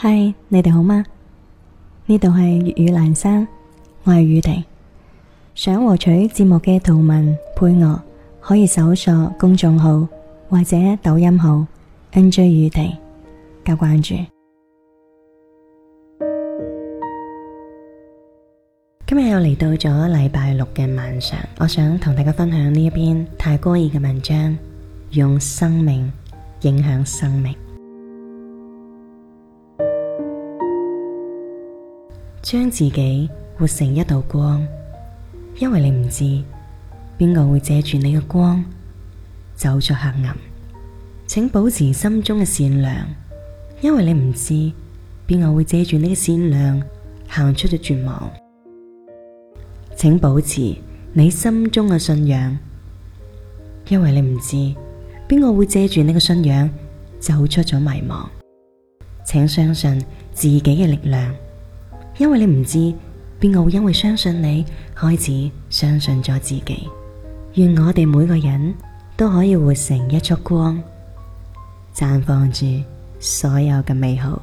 嗨，你哋好嗎？呢度係粵語蘭山，我係宇婷。想獲取節目嘅圖文配樂，可以搜索公眾號或者抖音號 NJ 宇婷加關注。今日又嚟到咗禮拜六嘅晚上，我想同大家分享呢一篇泰戈爾嘅文章，用生命影響生命。將自己活成一道光，因為你唔知邊個會借住你嘅光走出黑暗。請保持心中嘅善良，因為你唔知邊個會借住你嘅善良行出咗絕望。請保持你心中嘅信仰，因為你唔知邊個會借住你嘅信仰走出咗迷茫。請相信自己嘅力量。因為你唔知道，邊個會因為相信你，開始相信咗自己。願我哋每個人都可以活成一束光，綻放住所有嘅美好。